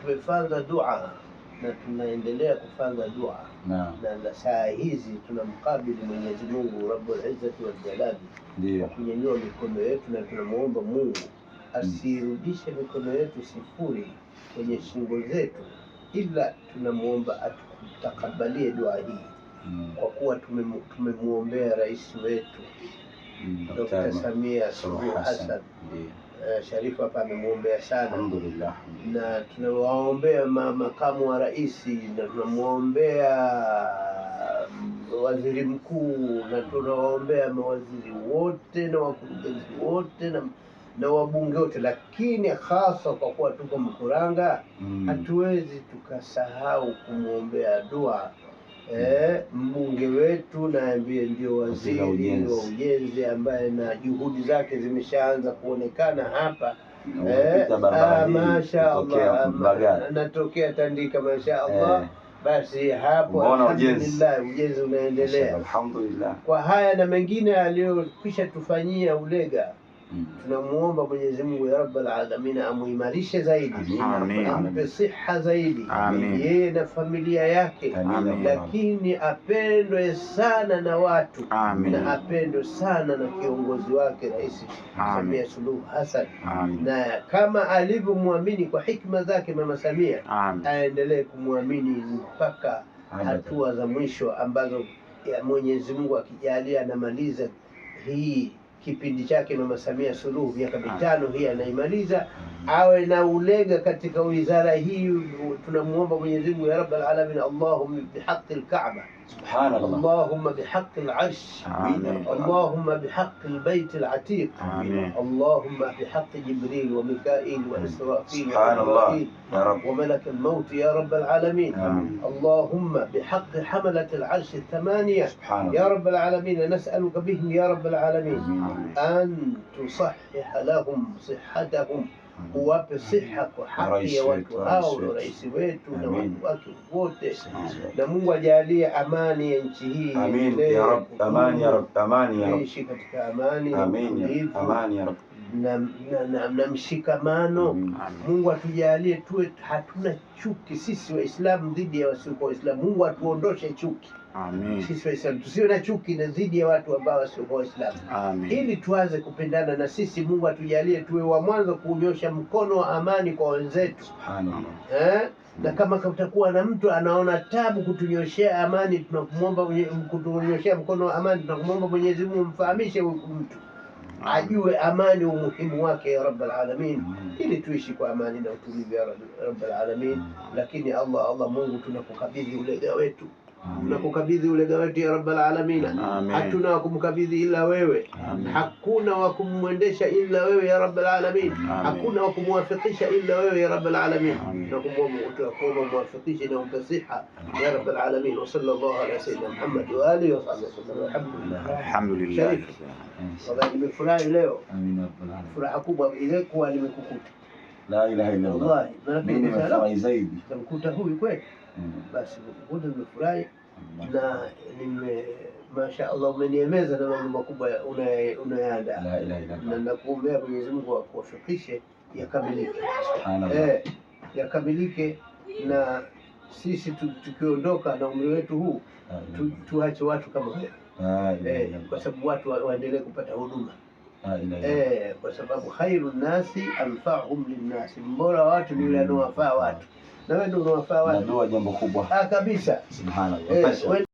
tumefanya dua na tunaendelea kufanya dua na, na saa hizi tunamkabili Mwenyezi Mungu Rabbul Izzati wal Jalali kunyanyua mikono yetu, na tunamwomba Mungu asirudishe mikono yetu sifuri kwenye shingo zetu, ila tunamwomba atutakabalie dua hii mm. kwa kuwa tumemwombea rais wetu mm. Dr. Samia Suluhu Hassan Uh, Sharifu hapa amemwombea sana, alhamdulillah, na tunawaombea makamu wa rais na tunamwombea mm, waziri mkuu na tunawaombea mawaziri wote na wakurugenzi wote na, na wabunge wote, lakini hasa kwa kuwa tuko Mkuranga mm, hatuwezi tukasahau kumwombea dua eh, mbunge wetu na ndio waziri wa ujenzi ambaye na juhudi zake zimeshaanza kuonekana hapa. Eh, ah, ah, natokea Tandika, mashaallah eh. Basi hapo alhamdulillah, ujenzi unaendelea alhamdulillah, kwa haya na mengine aliyokwisha tufanyia Ulega. Mm. Tunamuomba Mwenyezi Mungu ya Rabbal Alamin amuimarishe zaidi, ampe siha zaidi yeye na familia yake, lakini apendwe sana na watu Amin. na apendwe sana na kiongozi wake Rais Samia Suluhu Hassan, na kama alivyomwamini kwa hikma zake Mama Samia aendelee kumwamini mpaka hatua za mwisho ambazo Mwenyezi Mungu akijalia anamaliza hii kipindi chake Mama Samia Suluhu miaka mitano hii anaimaliza. awe na ulega katika wizara hii. Tunamuomba Mwenyezi Mungu ya Rabbul Alamin, Allahumma bihaqqi al kabah subhanallah, Allahumma bihaqqi al-Arsh, Allahumma bihaqqi al-Bayt al-Atiq, Allahumma bihaqqi Jibril wa Mikail wa Israfil subhanallah ya Rabb wa malak al-maut ya Rabbal Alamin, Allahumma bihaqqi hamalat al-Arsh ath-thamaniya ya Rabbal Alamin, nas'aluka bihim ya Rabbal Alamin an tusahhih lahum sihhatahum uwape siha kwa haki ya watu hao na rais wetu na watu wake wote, na Mungu ajalie amani ya nchi hii iendelee kuishi katika amani na utulivu na, na, na, na mshikamano mm. Mungu atujalie tuwe hatuna chuki sisi Waislamu dhidi ya wasiokuwa Waislamu. Mungu atuondoshe chuki Amin. Sisi Waislamu tusiwe na chuki na dhidi ya watu ambao wasiokuwa Waislamu, ili tuanze kupendana na sisi. Mungu atujalie tuwe wa mwanzo kunyosha mkono wa amani kwa wenzetu eh? na kama kutakuwa na mtu anaona tabu kutunyoshea amani, tunakumwomba kutunyoshea mkono wa amani, tunakumwomba Mwenyezi Mungu mfahamishe huyu mtu ajue amani umuhimu wake ya rabbal alamin, ili tuishi kwa amani na utulivu ya rabbal alamin. Lakini Allah, Allah Mungu, tunakukabidhi ulega wetu na kukabidhi ule dawati ya Rabbal Alamin. Hatuna wa kumkabidhi ila wewe Amin. Hakuna wa kumwendesha ila wewe ya Rabbal Alamin. Hakuna wa kumwafikisha ila wewe ya Rabbal Alamin, na kumwomba muwafikishe na umpe siha ya Rabbal Alamin. Wa sallallahu ala sayyidina Muhammad wa alihi wa sahbihi. Alhamdulillah, alhamdulillah. Wallahi nimefurahi leo, furaha kubwa ile kuwa nimekukuta. La ilaha illa Allah, mimi nimefurahi zaidi, tamkuta huyu kweli Mm. Basi kukukuta nimefurahi mm. na nime masha Allah umeniemeza na mambo makubwa unayaandaa, na nakuombea Mwenyezi Mungu akuwafikishe yakamilike, eh, yakamilike na sisi tukiondoka na umri wetu huu tu, tuache watu kama wewe eh, eh, kwa sababu watu waendelee kupata huduma eh, kwa sababu khairu nnasi anfa'uhum linnasi, mbora watu ni yule anaowafaa watu na wewe ndio unawafaa wale. Ndio jambo kubwa. Ah, kabisa. Subhanallah. Eh,